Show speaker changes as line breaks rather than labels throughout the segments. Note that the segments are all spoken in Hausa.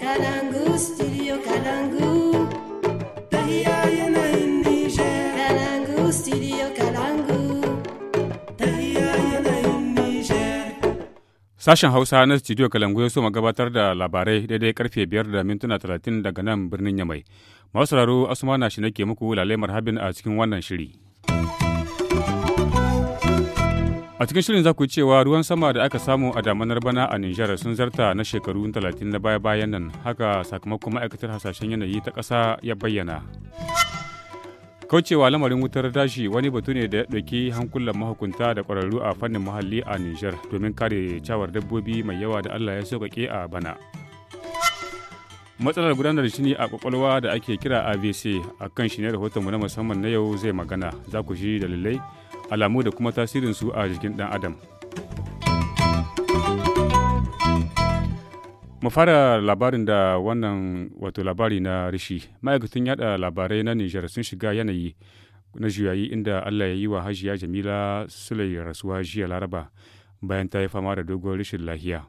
kalangu studio
sashen hausa na studio kalangu ya so gabatar da labarai daidai karfe biyar da mintuna talatin daga nan birnin yamai masu sauraro asuma na shi nake muku lalemar habin a cikin wannan shiri. A cikin shirin za ku cewa ruwan sama da aka samu a damanar bana a Nijar sun zarta na shekaru 30 na baya-bayan nan haka sakamakon ma'aikatar hasashen yanayi ta ƙasa ya bayyana. Kaucewa lamarin wutar dashi wani batu ne da ya ɗauki hankulan mahukunta da ƙwararru a fannin muhalli a Nijar domin kare cawar dabbobi mai yawa da Allah ya sauƙaƙe a bana. matsalar gudanar shi a kwakwalwa da ake kira avc a kan shi ne rahotonmu na musamman na yau zai magana za ku shi dalilai alamu da kuma tasirin su a jikin ɗan adam mu fara labarin da wannan wato labari na rishi ma'aikatan yada labarai na nijar sun shiga yanayi na juyayi inda allah ya yi wa hajiya jamila sulai rasuwa jiya laraba bayan ta yi fama da dogon rashin lahiya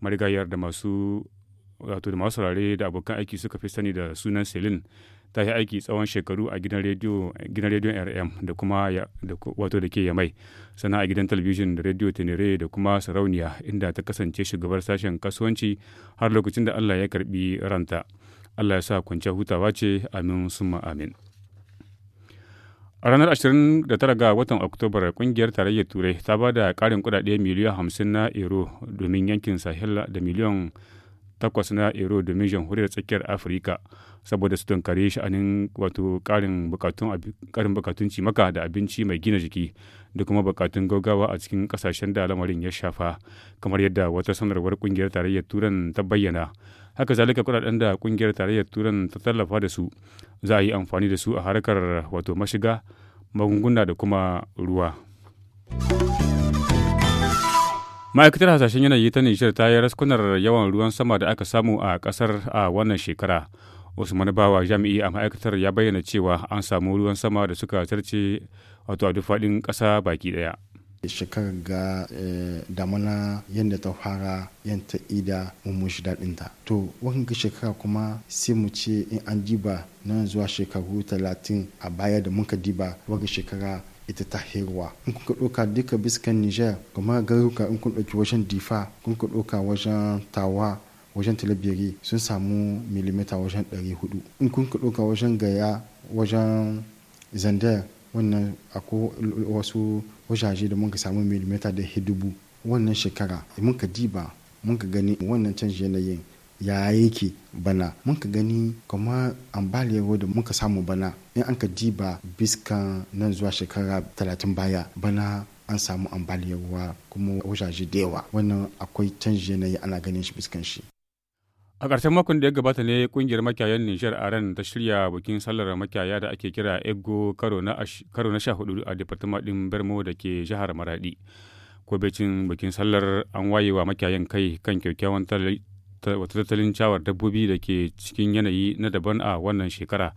marigayar da masu wato da masu saurare da abokan aiki suka fi sani da sunan selin ta yi aiki tsawon shekaru a gidan rediyo rm da kuma wato da ke yamai sana a gidan talabijin da rediyo tenere da kuma sarauniya inda ta kasance shugabar sashen kasuwanci har lokacin da allah ya karbi ranta allah ya sa kwanciyar hutawa ce amin summa amin A ranar 29 ga watan Oktobar, kungiyar tarayyar Turai ta ba da ƙarin kudade miliyan 50 na euro domin yankin Sahel da miliyan takwas na ero domin jamhuriyar tsakiyar afirka saboda su tunkari sha'anin wato karin bukatun cimaka da abinci mai gina jiki da kuma bukatun gaugawa a cikin kasashen da lamarin ya shafa kamar yadda wata sanarwar kungiyar tarayyar turan ta bayyana haka zalika kudaden da kungiyar tarayyar turan ta tallafa da su za a yi amfani da su a harkar wato mashiga magunguna da kuma ruwa. ma'aikatar hasashen yanayi ta nijar ta yi raskunar yawan ruwan sama da aka samu a kasar a wannan shekara usman bawa jami'i a ma'aikatar ya bayyana cewa an samu ruwan sama da suka zarce wato a duk faɗin ƙasa baki ɗaya
shekar ga eh, damuna yadda ta fara yanta ida mun shi daɗinta to wanka shekara kuma sai mu ce in an diba nan zuwa shekaru talatin a baya da muka diba wanka shekara ita ta hewa in kuka ɗauka duka biskan niger kuma garuka in kun ɗauki wajen difa kun ka ɗauka wajen tawa wajen talabiri sun samu milimita wajen 400 in kun ka wajen gaya wajen zandar wannan akwai wasu wajaje da muka samu milimita da hidubu wannan shekara muka diba muka gani wannan canji yanayin ya yake bana mun ka gani kuma ambaliyar da muka samu bana in an ka diba biskan nan zuwa shekara talatin baya bana an samu ambaliyar ruwa kuma wajaje da yawa wannan akwai canji yanayi ana ganin shi biskan shi
a ƙarshen makon da ya gabata ne kungiyar makiyayan nijar a ran ta shirya bikin sallar makiyaya da ake kira ego karo na sha a departement ɗin bermo da ke jihar maradi ko bikin sallar an wayewa makiyayan kai kan kyakkyawan wata tattalin cawar dabbobi da ke cikin yanayi na daban a wannan shekara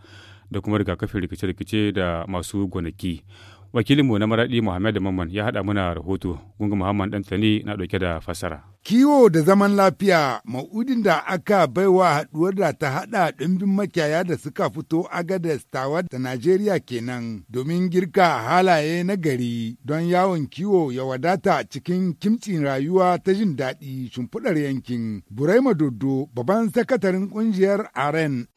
da kuma rigakafin rikice-rikice da masu gonaki. Wakilinmu na Maraɗi Muhammad Mamman ya haɗa mana rahoto, Gungun Muhammad tani na ɗauke da fasara.
Kiwo da zaman lafiya ma'udin da aka baiwa haduwar da ta haɗa ɗimbin makiyaya da suka fito Agades tawa da Najeriya kenan domin girka halaye na gari don yawon kiwo ya wadata cikin kimcin rayuwa ta jin daɗi shimfiɗar yankin. burai Dodo babban sakatarin ƙungiyar Aren.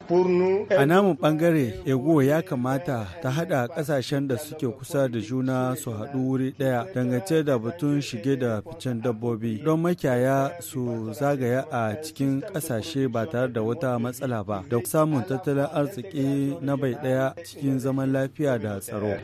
A namun bangare
Ego ya kamata ta hada ƙasashen da suke kusa da juna su haɗu wuri ɗaya dangance da batun shige da ficen dabbobi don makiyaya ya su zagaya a cikin ƙasashe ba tare da wata matsala ba da samun tattalin arziki na bai ɗaya cikin zaman lafiya da tsaro.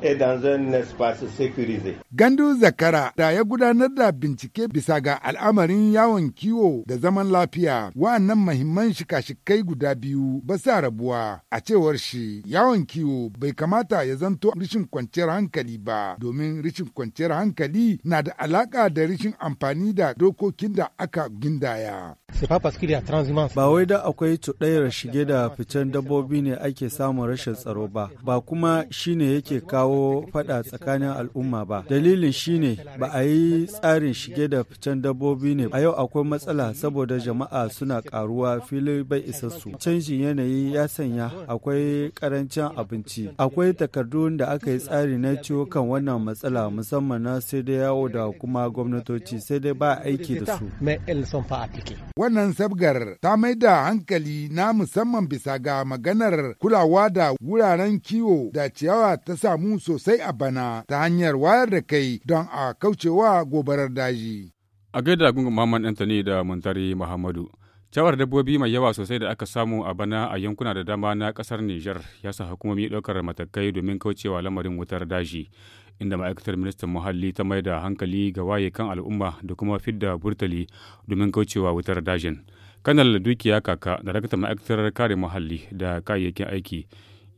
Gandu Zakara da ya gudanar da bincike bisa ga al'amarin yawon kiwo da zaman lafiya wa'annan mahimman shika-shikai guda biyu ba sa rabuwa a cewar shi yawon kiwo bai kamata ya zanto rishin kwanciyar hankali ba domin rishin kwanciyar hankali na da alaƙa da rishin amfani da dokokin da aka gindaya.
Ba wai da akwai cuɗayar shige da ficen dabbobi ne ake samun rashin tsaro ba, ba kuma shine yake kawo faɗa tsakanin al'umma ba. Dalilin shine ba a yi tsarin shige da ficen dabbobi ne. A yau akwai matsala saboda jama'a suna karuwa fili bai isassu. Canjin yanayi ya sanya akwai karancin abinci. Akwai takardun da aka yi tsari na ciwo kan wannan matsala musamman na sai dai yawo da kuma gwamnatoci sai dai ba aiki da su.
wannan sabgar ta mai da hankali na musamman bisa ga maganar kulawa da wuraren kiwo da ciyawa ta samu sosai a bana ta hanyar wayar da kai don a kaucewa gobarar daji.
A gaida gungun Muhammad Anthony da Muntari Muhammadu. cewar dabbobi mai yawa sosai da aka samu a bana a yankuna da dama na kasar Nijar ya sa hukumomi ɗaukar matakai domin kaucewa lamarin wutar daji. inda ma'aikatar ministan muhalli ta mai da hankali ga waye kan al'umma da kuma fidda burtali domin kaucewa wutar dajin kanal dukiya kaka da rakata ma'aikatar kare muhalli da kayayyakin aiki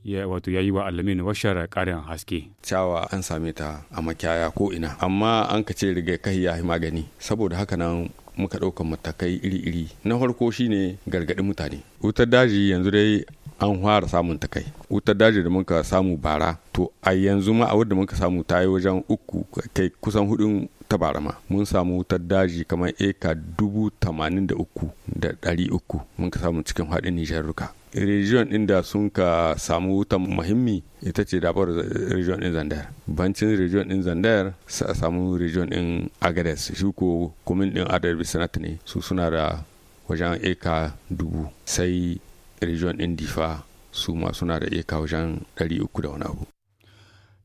ya wato yayi wa alamin washar karin haske. Cawa an same ta a makiyaya ko ina, amma an ka ce rigakafi ya magani, saboda haka nan muka ɗaukar matakai iri-iri na farko shine gargaɗi mutane wutar daji yanzu dai an fara samun ta kai wutar daji da muka samu bara to a yanzu ma a wadda muka samu ta yi wajen uku kai kusan hudun ta bara ma mun samu wutar daji kamar eka dubu tamanin da uku da ɗari uku muka samu cikin haɗin nijar ruka region din da sun ka samu wutan muhimmi ita ce dabar eh, region din zandar bancin region din zandar sa samu region din agades shi ko kumin din adar bisanat ne su suna da wajen eka dubu sai region din difa su ma suna da eka wajen 300 da wani abu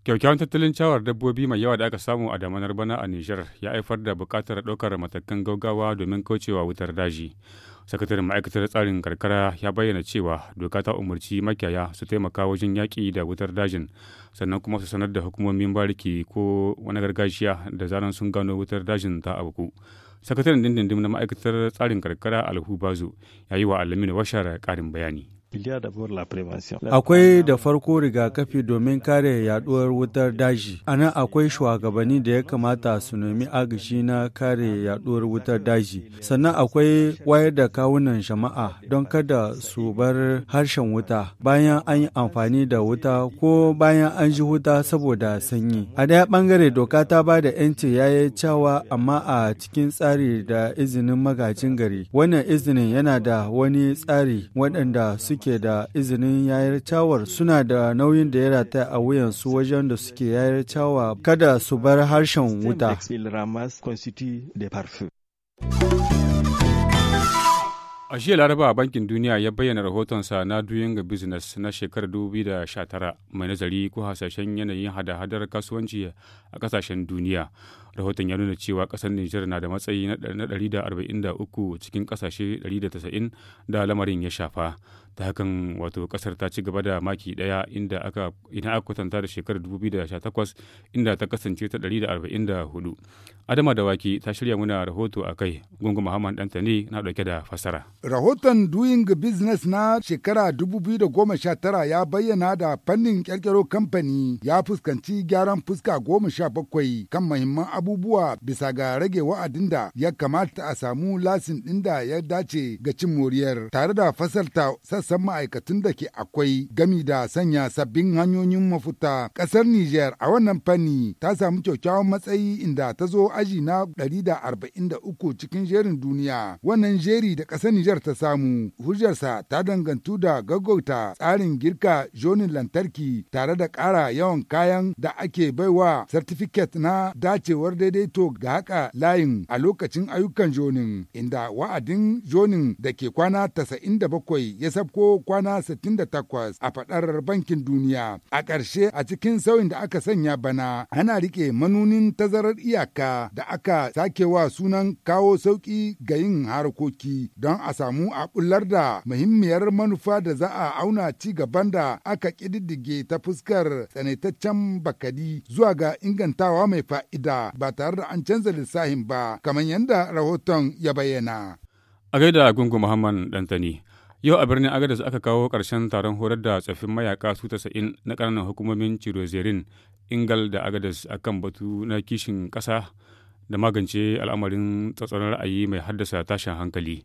Kyaukyawan tattalin cawar dabbobi mai yawa da aka samu a damanar bana a Nijar ya haifar da bukatar ɗaukar matakan gaugawa domin kaucewa wutar daji. Sakataren ma'aikatar tsarin karkara ya bayyana cewa doka ta umarci makiyaya su taimaka wajen yaƙi da wutar dajin sannan kuma su sanar da hukumomin bariki ko wani gargajiya da zaran sun gano wutar dajin ta abuku. Sakataren dindindim na ma'aikatar tsarin karkara Alhu Bazo ya yi wa Alamin Washar ƙarin bayani.
Akwai da farko rigakafi domin kare yaduwar wutar daji. A akwai shugabanni da ya kamata su nemi agashi na kare yaduwar wutar daji. Sannan akwai wayar da kawunan jama'a don kada su bar harshen wuta bayan an yi amfani da wuta ko bayan an ji wuta saboda sanyi. A daya bangare doka ta ba da 'yanci yi cewa amma a cikin tsari da izinin magajin gari. Wannan izinin yana da wani tsari waɗanda su suke da izinin yayar cawar suna da nauyin da ya rata a wuyansu wajen da suke yayar cawa kada su bar harshen wuta.
A jiya Laraba Bankin Duniya ya bayyana rahotonsa na Doing Business na shekarar 2019 mai nazari ko hasashen yanayin hada-hadar kasuwanci a kasashen duniya. rahoton ya nuna cewa kasar nijar na da matsayi na 143 cikin kasashe 190 da lamarin ya shafa ta hakan wato kasar ta ci gaba da maki daya inda aka ina aka kwatanta da shekarar 2018 inda ta kasance ta 144 adama da waki ta shirya muna rahoto a kai gungun muhammad danta ne na dauke da fasara
rahoton doing business na shekara 2019 ya bayyana da fannin kyalkyaro kamfani ya fuskanci gyaran fuska 17 kan muhimman abu abubuwa bisa ga rage wa'adin da ya kamata a samu lasin ɗin da ya dace ga cin moriyar tare da fasalta sassan ma'aikatun da ke akwai gami da sanya sabbin hanyoyin mafuta ƙasar Nijar a wannan fanni ta samu kyakkyawan matsayi inda ta zo aji na ɗari da da arba'in uku cikin jerin duniya wannan jeri da ƙasar Nijar ta samu hujjarsa ta dangantu da gaggauta tsarin girka jonin lantarki tare da ƙara yawan kayan da ake baiwa certificate na dacewar daidai daidaito ga haka layin a lokacin ayyukan jonin inda wa'adin jonin da ke kwana 97 ya sabko kwana 68 a fadar bankin duniya a ƙarshe a cikin sauyin da aka sanya bana ana rike manunin tazarar iyaka da aka sakewa sunan kawo sauƙi ga yin harkoki don a samu a bullar da muhimmiyar manufa da za a auna ci gaban da aka ƙididdige ta fuskar tsanaitaccen bakadi zuwa ga ingantawa mai fa'ida ba tare da an canza lissahin ba kamar yadda rahoton ya bayyana.
A gaida gungun Muhammad Dantani. Yau a birnin Agadez aka kawo ƙarshen taron horar da tsaffin mayaka su tasa'in na ƙananan hukumomin Cirozerin, Ingal da Agadez a kan batu na kishin ƙasa da magance al'amarin tsatsarin ra'ayi mai haddasa tashin hankali.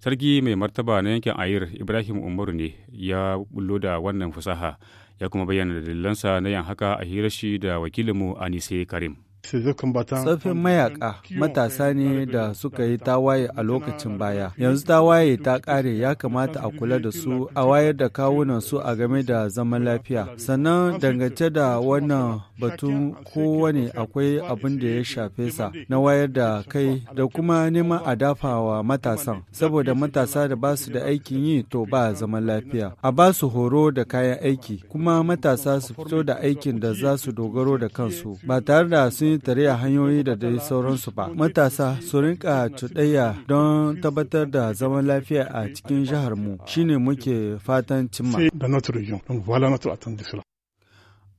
Sarki mai martaba na yankin Ayir Ibrahim Umaru ne ya bullo da wannan fasaha ya kuma bayyana dalilansa na yan haka a hirar shi da wakilinmu Anise Karim.
Tsofin mayaka matasa ne da suka yi tawaye a lokacin baya. Yanzu tawaye ta ƙare ya kamata a kula da su a wayar da kawunan su a game da zaman lafiya. Sannan dangance da wannan batun kowane akwai abin da ya shafe sa na wayar da kai da kuma neman a dafa wa matasan. Saboda matasa da ba su da aikin yi to ba zaman lafiya. A ba su horo da kayan aiki kuma matasa su fito da aikin da za su dogaro da kansu ba tare da sun tare a hanyoyi da dai sauransu ba matasa su rinka cuɗayya don tabbatar da zaman lafiya a cikin jihar mu shine muke fatan cimma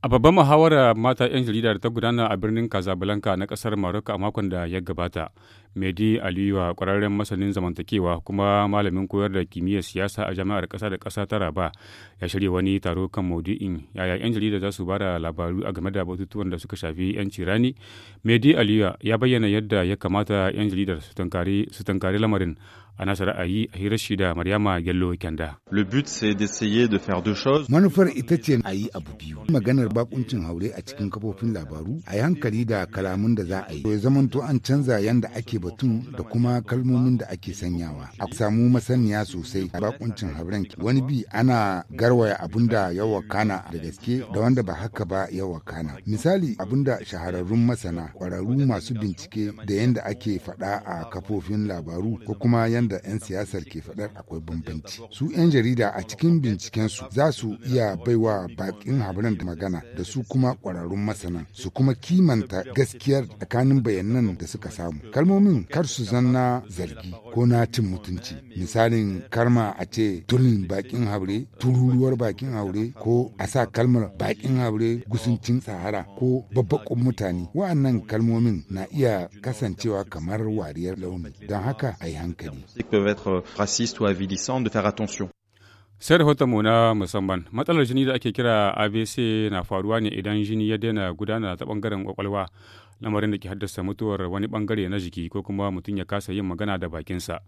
A babban muhawarar mata 'yan jarida da ta gudana a birnin Casablanca na kasar Morocco a makon da ya gabata, Mehdi Aliyu kwararren masanin zamantakewa kuma malamin koyar da kimiyyar siyasa a jami'ar ƙasa da ƙasa ta Raba ya shirya wani taro kan maudu'in yaya 'yan jarida za su bada labaru a game da batutuwan da suka shafi 'yanci rani. Mehdi Aliyu ya bayyana yadda ya kamata 'yan jaridar su tankari lamarin a nasa ra'ayi a hirar shi da Maryama Gello Kenda.
Le but c'est d'essayer de faire deux choses. Manufar ita ce a yi abu biyu. Maganar bakuncin haure a cikin kafofin labaru, a yi hankali da kalamun da za a yi. Ya zamanto an canza yanda ake batun da kuma kalmomin da ake sanyawa. A samu masaniya sosai a bakuncin hauren. Wani bi ana garwaya abun da ya da gaske da wanda ba haka ba ya kana. Misali abun da shahararrun masana, kwararru masu bincike da yanda ake faɗa a kafofin labaru ko kuma yanda da 'yan siyasar ke faɗar akwai bambanci su 'yan jarida a cikin binciken su. za su iya baiwa bakin habaran da magana da su kuma ƙwararrun masana su kuma kimanta gaskiyar tsakanin bayanan da suka samu kalmomin kar su zanna zargi ko na cin mutunci misalin karma a ce tulin bakin haure tururuwar bakin haure ko a sa kalmar bakin haure gusuncin sahara ko babbakon mutane wa'annan kalmomin na iya kasancewa kamar wariyar launi don haka a yi hankali
qui peuvent être
racistes ou avilissantes, de faire attention. sai rahotonmu na musamman matsalar jini da ake kira abc na faruwa ne idan jini ya daina gudana ta bangaren kwakwalwa lamarin da ke haddasa mutuwar wani bangare na jiki ko kuma mutum ya kasa yin magana da bakinsa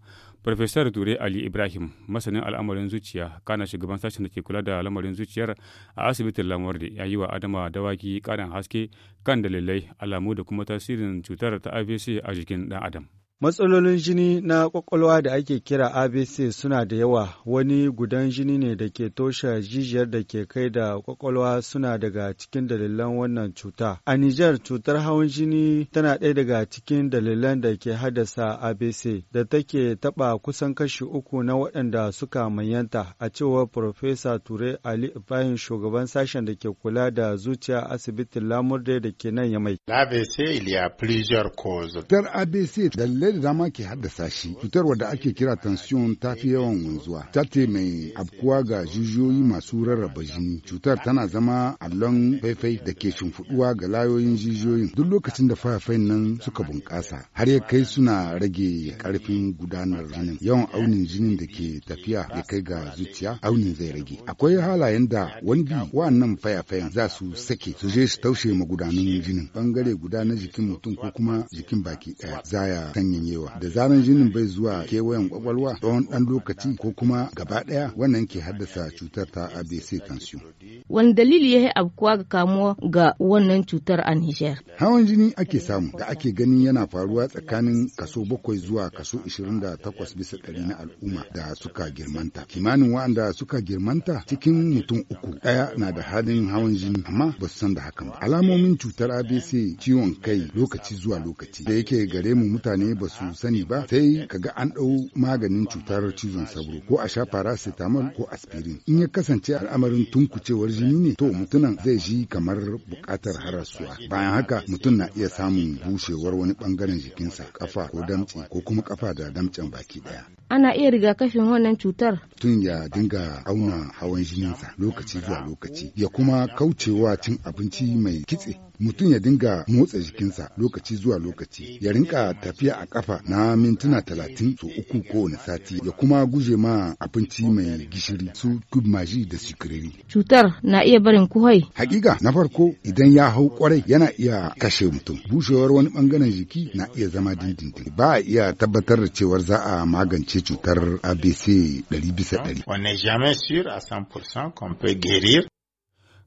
farfesar ture ali ibrahim masanin al'amarin zuciya kana shugaban sashen da ke kula da lamarin zuciyar a asibitin lamurde ya yi wa adama dawaki karin haske kan dalilai alamu da kuma tasirin cutar ta abc a jikin dan adam
Matsalolin jini na kwakwalwa da ake kira ABC suna da yawa, wani gudan jini ne da ke toshe jijiyar da ke kai da kwakwalwa suna daga cikin dalilan wannan cuta. A Nijar, cutar hawan jini tana ɗaya daga cikin dalilan da ke haddasa ABC da take taɓa kusan kashi uku na waɗanda suka manyanta, a cewar Profesa Ture Ali Ibrahim shugaban sashen da ke kula da zuciya asibitin Lamurde da ke nan Yamai. ABC, il y a plusieurs causes.
ABC, dalilai da dama ke haddasa shi cutar wadda ake kira tansiyon ta fi yawan wanzuwa ta ce mai abkuwa ga jijiyoyi masu rarraba jini cutar tana zama allon faifai da ke shimfuduwa ga layoyin jijiyoyin duk lokacin da fayafayin nan suka bunkasa. har ya kai suna rage karfin gudanar jinin yawan aunin jinin da ke tafiya ya kai ga zuciya aunin zai rage akwai halayen da wani bi wa'annan fayafayan za su sake su je su taushe magudanan jinin bangare guda na jikin mutum ko kuma jikin baki ɗaya zaya sanya yawa da zaran jinin bai zuwa kewayen kwakwalwa tsawon dan lokaci ko kuma gaba daya wannan ke haddasa cutar ta abc tension wani dalili ya yi abkuwa ga kamuwa ga wannan cutar a niger hawan jini ake samu da ake ganin yana faruwa tsakanin kaso bakwai zuwa kaso ishirin da takwas bisa ɗari na al'umma da suka girmanta kimanin waɗanda suka girmanta cikin mutum uku ɗaya na da halin hawan jini amma ba su san da hakan ba alamomin cutar abc ciwon kai lokaci zuwa lokaci da yake gare mu mutane ba ba su sani ba sai ka ga an ɗau maganin cutar cizon sauro ko a sha paracetamol ko aspirin in ya kasance al'amarin tunkucewar jini ne to mutumin zai ji kamar buƙatar harasuwa bayan haka mutum na iya samun bushewar wani ɓangaren jikinsa kafa ko damtse ko kuma kafa da damtsen baki ɗaya ana iya rigakafin wannan cutar tun ya dinga auna hawan jininsa lokaci zuwa lokaci ya kuma kaucewa cin abinci mai kitse mutum ya dinga motsa jikinsa lokaci zuwa lokaci ya rinka tafiya a kafa na mintuna talatin so uku kowane sati ya kuma guje ma abinci mai gishiri su maji da sikiriri. Cutar na iya barin kuhai. Hakika na farko idan ya hau kwarai yana iya kashe mutum. Bushewar wani bangaren jiki na iya zama dindindin. Ba a iya tabbatar da cewar za a magance cutar ABC dari bisa
dari. On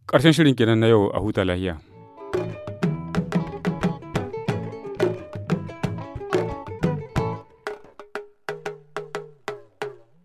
Ƙarshen shirin kenan na yau a huta lahiya.